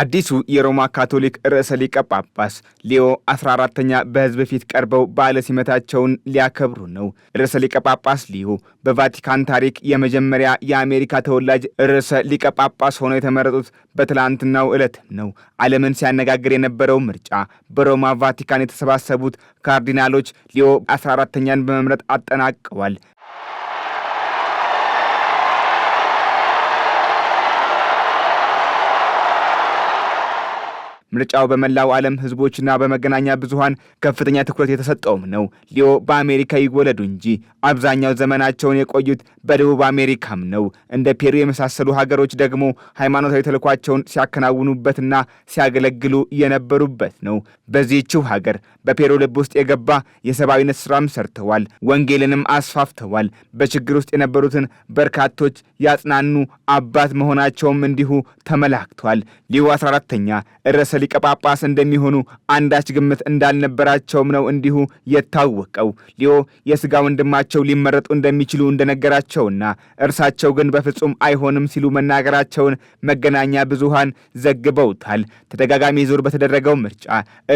አዲሱ የሮማ ካቶሊክ ርዕሰ ሊቀ ጳጳስ ሊዮ 14ተኛ በሕዝብ ፊት ቀርበው በዓለ ሲመታቸውን ሊያከብሩ ነው። ርዕሰ ሊቀ ጳጳስ ሊዮ በቫቲካን ታሪክ የመጀመሪያ የአሜሪካ ተወላጅ ርዕሰ ሊቀ ጳጳስ ሆነው የተመረጡት በትላንትናው ዕለት ነው። ዓለምን ሲያነጋግር የነበረው ምርጫ በሮማ ቫቲካን የተሰባሰቡት ካርዲናሎች ሊዮ 14ተኛን በመምረጥ አጠናቀዋል። ምርጫው በመላው ዓለም ህዝቦችና በመገናኛ ብዙሃን ከፍተኛ ትኩረት የተሰጠውም ነው። ሊዮ በአሜሪካ ይወለዱ እንጂ አብዛኛው ዘመናቸውን የቆዩት በደቡብ አሜሪካም ነው። እንደ ፔሩ የመሳሰሉ ሀገሮች ደግሞ ሃይማኖታዊ ተልኳቸውን ሲያከናውኑበትና ሲያገለግሉ የነበሩበት ነው። በዚህችው ሀገር በፔሩ ልብ ውስጥ የገባ የሰብአዊነት ስራም ሰርተዋል። ወንጌልንም አስፋፍተዋል። በችግር ውስጥ የነበሩትን በርካቶች ያጽናኑ አባት መሆናቸውም እንዲሁ ተመላክቷል። ሊዮ 14ተኛ ርዕሰ ሊቀ ጳጳስ እንደሚሆኑ አንዳች ግምት እንዳልነበራቸውም ነው እንዲሁ የታወቀው። ሊዮ የስጋ ወንድማቸው ሊመረጡ እንደሚችሉ እንደነገራቸውና እርሳቸው ግን በፍጹም አይሆንም ሲሉ መናገራቸውን መገናኛ ብዙሃን ዘግበውታል። ተደጋጋሚ ዙር በተደረገው ምርጫ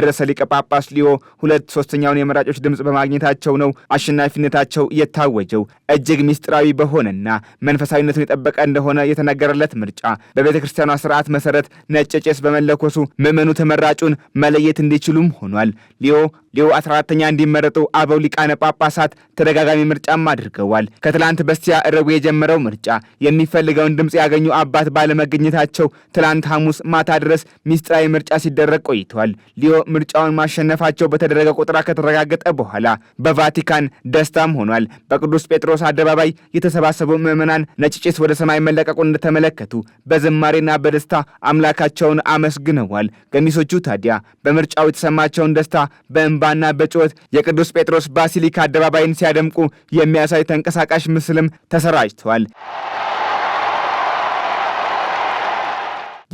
ርዕሰ ሊቀ ጳጳስ ሊዮ ሁለት ሶስተኛውን የመራጮች ድምፅ በማግኘታቸው ነው አሸናፊነታቸው የታወጀው። እጅግ ሚስጢራዊ በሆነና መንፈሳዊነቱን የጠበቀ እንደሆነ የተነገረለት ምርጫ በቤተ ክርስቲያኗ ስርዓት መሰረት ነጭ ጭስ በመለኮሱ ምዕመኑ ተመራጩን መለየት እንዲችሉም ሆኗል። ሊዮ ሊዮ 14ተኛ እንዲመረጡ አበው ሊቃነ ጳጳሳት ተደጋጋሚ ምርጫም አድርገዋል። ከትላንት በስቲያ ረቡዕ የጀመረው ምርጫ የሚፈልገውን ድምፅ ያገኙ አባት ባለመገኘታቸው ትላንት ሐሙስ ማታ ድረስ ሚስጥራዊ ምርጫ ሲደረግ ቆይተዋል። ሊዮ ምርጫውን ማሸነፋቸው በተደረገ ቆጠራ ከተረጋገጠ በኋላ በቫቲካን ደስታም ሆኗል። በቅዱስ ጴጥሮስ አደባባይ የተሰባሰቡ ምዕመናን ነጭ ጭስ ወደ ሰማይ መለቀቁን እንደተመለከቱ በዝማሬና በደስታ አምላካቸውን አመስግነዋል። ገሚሶቹ ታዲያ በምርጫው የተሰማቸውን ደስታ በእንባ በእንባና በጩኸት የቅዱስ ጴጥሮስ ባሲሊካ አደባባይን ሲያደምቁ የሚያሳይ ተንቀሳቃሽ ምስልም ተሰራጭቷል።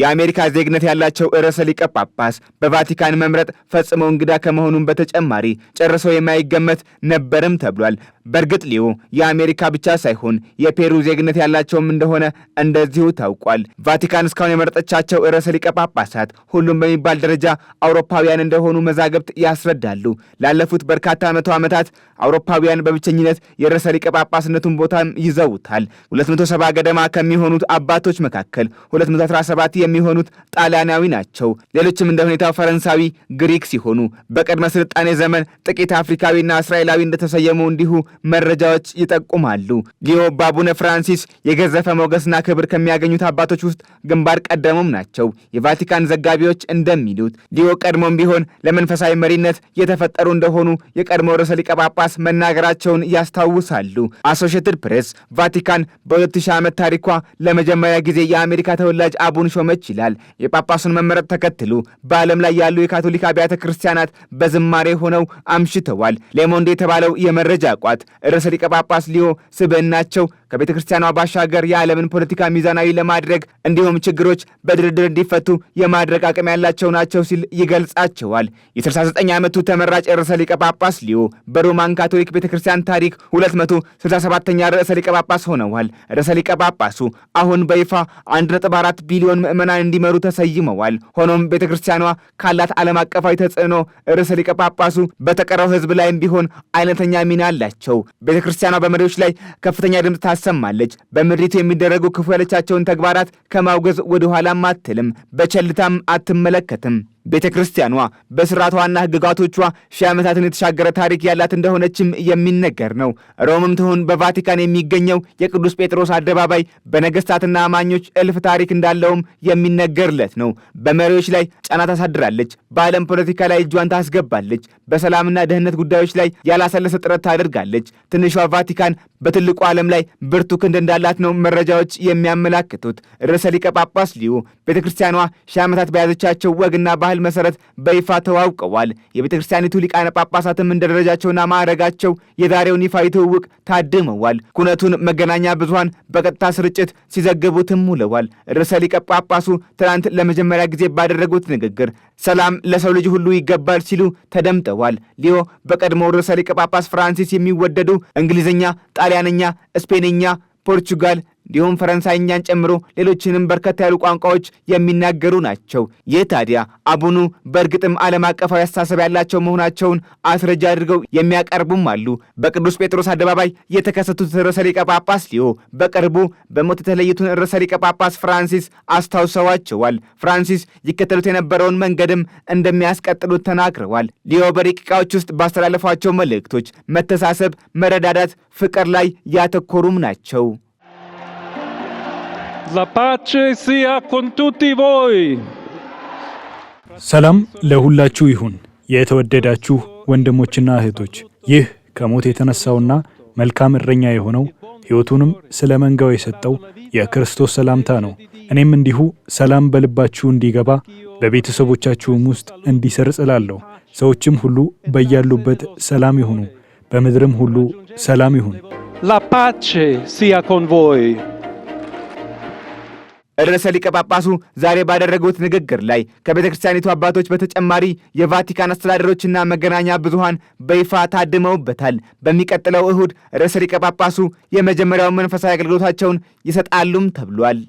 የአሜሪካ ዜግነት ያላቸው ርዕሰ ሊቀ ጳጳስ በቫቲካን መምረጥ ፈጽሞ እንግዳ ከመሆኑም በተጨማሪ ጨርሰው የማይገመት ነበርም ተብሏል። በእርግጥ ሊዮ የአሜሪካ ብቻ ሳይሆን የፔሩ ዜግነት ያላቸውም እንደሆነ እንደዚሁ ታውቋል። ቫቲካን እስካሁን የመረጠቻቸው ርዕሰ ሊቀ ጳጳሳት ሁሉም በሚባል ደረጃ አውሮፓውያን እንደሆኑ መዛግብት ያስረዳሉ። ላለፉት በርካታ መቶ ዓመታት አውሮፓውያን በብቸኝነት የርዕሰ ሊቀ ጳጳስነቱን ቦታም ይዘውታል። 270 ገደማ ከሚሆኑት አባቶች መካከል 217 የሚሆኑት ጣሊያናዊ ናቸው። ሌሎችም እንደ ሁኔታው ፈረንሳዊ፣ ግሪክ ሲሆኑ በቅድመ ስልጣኔ ዘመን ጥቂት አፍሪካዊና እስራኤላዊ እንደተሰየሙ እንዲሁ መረጃዎች ይጠቁማሉ። ጊዮ ባቡነ ፍራንሲስ የገዘፈ ሞገስና ክብር ከሚያገኙት አባቶች ውስጥ ግንባር ቀደሙም ናቸው። የቫቲካን ዘጋቢዎች እንደሚሉት ጊዮ ቀድሞም ቢሆን ለመንፈሳዊ መሪነት የተፈጠሩ እንደሆኑ የቀድሞ ርዕሰ ሊቀ ጳጳስ መናገራቸውን ያስታውሳሉ። አሶሽትድ ፕሬስ ቫቲካን በ2000 ዓመት ታሪኳ ለመጀመሪያ ጊዜ የአሜሪካ ተወላጅ አቡን ሾመች ሆነች ይላል። የጳጳሱን መመረጥ ተከትሎ በዓለም ላይ ያሉ የካቶሊክ አብያተ ክርስቲያናት በዝማሬ ሆነው አምሽተዋል። ሌሞንድ የተባለው የመረጃ ቋት ርዕሰ ሊቀ ጳጳስ ሊዮ ስብዕናቸው ከቤተ ክርስቲያኗ ባሻገር የዓለምን ፖለቲካ ሚዛናዊ ለማድረግ እንዲሁም ችግሮች በድርድር እንዲፈቱ የማድረግ አቅም ያላቸው ናቸው ሲል ይገልጻቸዋል። የ69 ዓመቱ ተመራጭ ርዕሰ ሊቀ ጳጳስ ሊዮ በሮማን ካቶሊክ ቤተ ክርስቲያን ታሪክ 267ኛ ርዕሰ ሊቀ ጳጳስ ሆነዋል። ርዕሰ ሊቀ ጳጳሱ አሁን በይፋ 1.4 ቢሊዮን ምዕመናን እንዲመሩ ተሰይመዋል። ሆኖም ቤተ ክርስቲያኗ ካላት ዓለም አቀፋዊ ተጽዕኖ ርዕሰ ሊቀ ጳጳሱ በተቀረው ሕዝብ ላይም ቢሆን አይነተኛ ሚና አላቸው። ቤተ ክርስቲያኗ በመሪዎች ላይ ከፍተኛ ድምፅ ታሰማለች። በምድሪቱ የሚደረጉ ክፉ ያለቻቸውን ተግባራት ከማውገዝ ወደ ኋላም አትልም፣ በቸልታም አትመለከትም። ቤተ ክርስቲያኗ በስርዓቷና ህግጋቶቿ ሺህ ዓመታትን የተሻገረ ታሪክ ያላት እንደሆነችም የሚነገር ነው። ሮምም ትሁን በቫቲካን የሚገኘው የቅዱስ ጴጥሮስ አደባባይ በነገስታትና አማኞች እልፍ ታሪክ እንዳለውም የሚነገርለት ነው። በመሪዎች ላይ ጫና ታሳድራለች፣ በዓለም ፖለቲካ ላይ እጇን ታስገባለች፣ በሰላምና ደህንነት ጉዳዮች ላይ ያላሰለሰ ጥረት ታደርጋለች። ትንሿ ቫቲካን በትልቁ ዓለም ላይ ብርቱ ክንድ እንዳላት ነው መረጃዎች የሚያመላክቱት። ርዕሰ ሊቀ ጳጳስ ሊዩ ቤተ ክርስቲያኗ ሺህ ዓመታት በያዘቻቸው ወግና ባህል ባህል መሰረት በይፋ ተዋውቀዋል። የቤተ ክርስቲያኒቱ ሊቃነ ጳጳሳትም እንደ ደረጃቸውና ማዕረጋቸው የዛሬውን ይፋዊ ትውውቅ ታድመዋል። ኩነቱን መገናኛ ብዙኃን በቀጥታ ስርጭት ሲዘግቡትም ውለዋል። ርዕሰ ሊቀ ጳጳሱ ትናንት ለመጀመሪያ ጊዜ ባደረጉት ንግግር ሰላም ለሰው ልጅ ሁሉ ይገባል ሲሉ ተደምጠዋል። ሊዮ በቀድሞ ርዕሰ ሊቀ ጳጳስ ፍራንሲስ የሚወደዱ እንግሊዝኛ፣ ጣሊያንኛ፣ ስፔንኛ፣ ፖርቹጋል እንዲሁም ፈረንሳይኛን ጨምሮ ሌሎችንም በርከት ያሉ ቋንቋዎች የሚናገሩ ናቸው። ይህ ታዲያ አቡኑ በእርግጥም ዓለም አቀፋዊ አስተሳሰብ ያላቸው መሆናቸውን አስረጃ አድርገው የሚያቀርቡም አሉ። በቅዱስ ጴጥሮስ አደባባይ የተከሰቱት ርዕሰ ሊቀ ጳጳስ ሊዮ በቅርቡ በሞት የተለዩትን ርዕሰ ሊቀ ጳጳስ ፍራንሲስ አስታውሰዋቸዋል። ፍራንሲስ ይከተሉት የነበረውን መንገድም እንደሚያስቀጥሉት ተናግረዋል። ሊዮ በደቂቃዎች ውስጥ ባስተላለፏቸው መልእክቶች መተሳሰብ፣ መረዳዳት፣ ፍቅር ላይ ያተኮሩም ናቸው። La pace sia con tutti voi. ሰላም ለሁላችሁ ይሁን፣ የተወደዳችሁ ወንድሞችና እህቶች። ይህ ከሞት የተነሳውና መልካም እረኛ የሆነው ሕይወቱንም ስለ መንጋው የሰጠው የክርስቶስ ሰላምታ ነው። እኔም እንዲሁ ሰላም በልባችሁ እንዲገባ በቤተሰቦቻችሁም ውስጥ እንዲሰርጽ እላለሁ። ሰዎችም ሁሉ በያሉበት ሰላም ይሁኑ። በምድርም ሁሉ ሰላም ይሁን። ላ ፓቼ ሲያ ኮን ቮይ ርዕሰ ሊቀ ጳጳሱ ዛሬ ባደረጉት ንግግር ላይ ከቤተ ክርስቲያኒቱ አባቶች በተጨማሪ የቫቲካን አስተዳደሮችና መገናኛ ብዙሃን በይፋ ታድመውበታል። በሚቀጥለው እሁድ ርዕሰ ሊቀ ጳጳሱ የመጀመሪያውን መንፈሳዊ አገልግሎታቸውን ይሰጣሉም ተብሏል።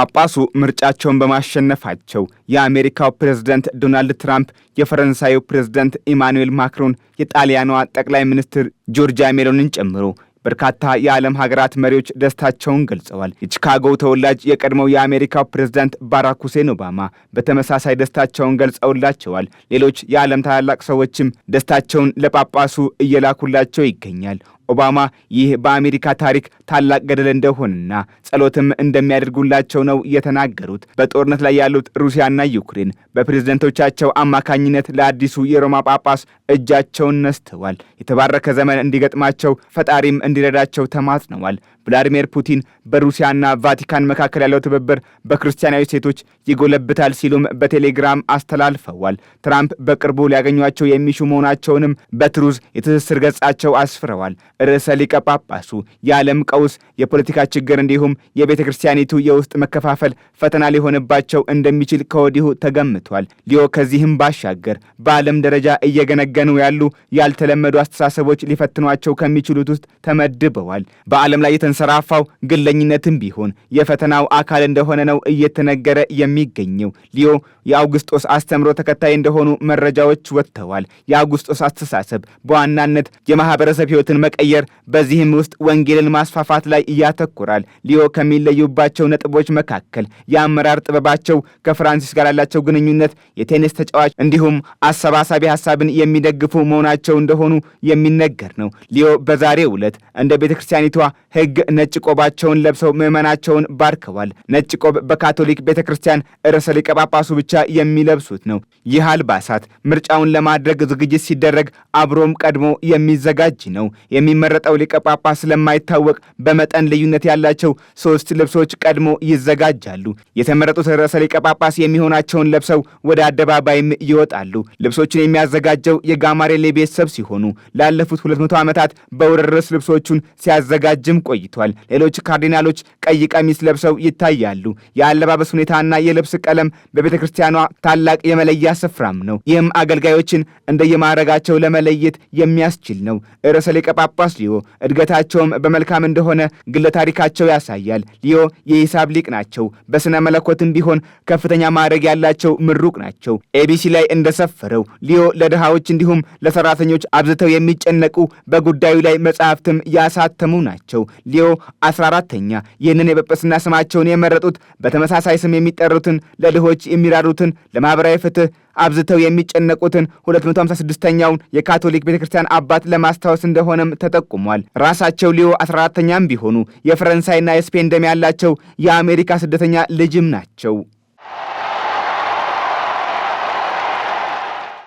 ጳጳሱ ምርጫቸውን በማሸነፋቸው የአሜሪካው ፕሬዝደንት ዶናልድ ትራምፕ፣ የፈረንሳዩ ፕሬዝደንት ኢማኑኤል ማክሮን፣ የጣሊያኗ ጠቅላይ ሚኒስትር ጆርጂያ ሜሎንን ጨምሮ በርካታ የዓለም ሀገራት መሪዎች ደስታቸውን ገልጸዋል። የቺካጎው ተወላጅ የቀድሞው የአሜሪካው ፕሬዝዳንት ባራክ ሁሴን ኦባማ በተመሳሳይ ደስታቸውን ገልጸውላቸዋል። ሌሎች የዓለም ታላላቅ ሰዎችም ደስታቸውን ለጳጳሱ እየላኩላቸው ይገኛል። ኦባማ ይህ በአሜሪካ ታሪክ ታላቅ ገደል እንደሆነና ጸሎትም እንደሚያደርጉላቸው ነው የተናገሩት። በጦርነት ላይ ያሉት ሩሲያና ዩክሬን በፕሬዝደንቶቻቸው አማካኝነት ለአዲሱ የሮማ ጳጳስ እጃቸውን ነስተዋል። የተባረከ ዘመን እንዲገጥማቸው ፈጣሪም እንዲረዳቸው ተማጽነዋል። ቭላዲሚር ፑቲን በሩሲያና ቫቲካን መካከል ያለው ትብብር በክርስቲያናዊ ሴቶች ይጎለብታል ሲሉም በቴሌግራም አስተላልፈዋል። ትራምፕ በቅርቡ ሊያገኟቸው የሚሹ መሆናቸውንም በትሩዝ የትስስር ገጻቸው አስፍረዋል። ርዕሰ ሊቀ ጳጳሱ የዓለም ቀውስ፣ የፖለቲካ ችግር እንዲሁም የቤተ ክርስቲያኒቱ የውስጥ መከፋፈል ፈተና ሊሆንባቸው እንደሚችል ከወዲሁ ተገምቷል። ሊዮ ከዚህም ባሻገር በዓለም ደረጃ እየገነገኑ ያሉ ያልተለመዱ አስተሳሰቦች ሊፈትኗቸው ከሚችሉት ውስጥ ተመድበዋል። በዓለም ላይ የተንሰራፋው ግለኝነትም ቢሆን የፈተናው አካል እንደሆነ ነው እየተነገረ የሚገኘው። ሊዮ የአውግስጦስ አስተምሮ ተከታይ እንደሆኑ መረጃዎች ወጥተዋል። የአውግስጦስ አስተሳሰብ በዋናነት የማህበረሰብ ሕይወትን መቀየር፣ በዚህም ውስጥ ወንጌልን ማስፋፋት ላይ ያተኩራል። ሊዮ ከሚለዩባቸው ነጥቦች መካከል የአመራር ጥበባቸው፣ ከፍራንሲስ ጋር ያላቸው ግንኙነት፣ የቴኒስ ተጫዋች እንዲሁም አሰባሳቢ ሀሳብን የሚደግፉ መሆናቸው እንደሆኑ የሚነገር ነው። ሊዮ በዛሬው ዕለት እንደ ቤተ ክርስቲያኒቷ ሕግ ነጭ ቆባቸውን ለብሰው ምዕመናቸውን ባርከዋል። ነጭ ቆብ በካቶሊክ ቤተ ክርስቲያን ርዕሰ ሊቀ ጳጳሱ ብቻ የሚለብሱት ነው። ይህ አልባሳት ምርጫውን ለማድረግ ዝግጅት ሲደረግ አብሮም ቀድሞ የሚዘጋጅ ነው። የሚመረጠው ሊቀ ጳጳስ ስለማይታወቅ በመጠን ልዩነት ያላቸው ሶስት ልብሶች ቀድሞ ይዘጋጃሉ። የተመረጡት ርዕሰ ሊቀ ጳጳስ የሚሆናቸውን ለብሰው ወደ አደባባይም ይወጣሉ። ልብሶቹን የሚያዘጋጀው የጋማሬሌ ቤተሰብ ሲሆኑ ላለፉት 200 ዓመታት በውርርስ ልብሶቹን ሲያዘጋጅም ቆይቷል። ተዘጋጅቷል። ሌሎች ካርዲናሎች ቀይ ቀሚስ ለብሰው ይታያሉ። የአለባበስ ሁኔታና የልብስ ቀለም በቤተ ክርስቲያኗ ታላቅ የመለያ ስፍራም ነው። ይህም አገልጋዮችን እንደየማዕረጋቸው ለመለየት የሚያስችል ነው። ርዕሰ ሊቀ ጳጳስ ሊዮ እድገታቸውም በመልካም እንደሆነ ግለ ታሪካቸው ያሳያል። ሊዮ የሂሳብ ሊቅ ናቸው። በሥነ መለኮትም ቢሆን ከፍተኛ ማዕረግ ያላቸው ምሩቅ ናቸው። ኤቢሲ ላይ እንደሰፈረው ሊዮ ለድሃዎች እንዲሁም ለሰራተኞች አብዝተው የሚጨነቁ በጉዳዩ ላይ መጽሐፍትም ያሳተሙ ናቸው። ጌዲዮ 14ተኛ ይህንን የጵጵስና ስማቸውን የመረጡት በተመሳሳይ ስም የሚጠሩትን ለድሆች የሚራሩትን ለማኅበራዊ ፍትህ አብዝተው የሚጨነቁትን 256ኛውን የካቶሊክ ቤተ ክርስቲያን አባት ለማስታወስ እንደሆነም ተጠቁሟል። ራሳቸው ሊዮ 14ተኛም ቢሆኑ የፈረንሳይና የስፔን ደም ያላቸው የአሜሪካ ስደተኛ ልጅም ናቸው።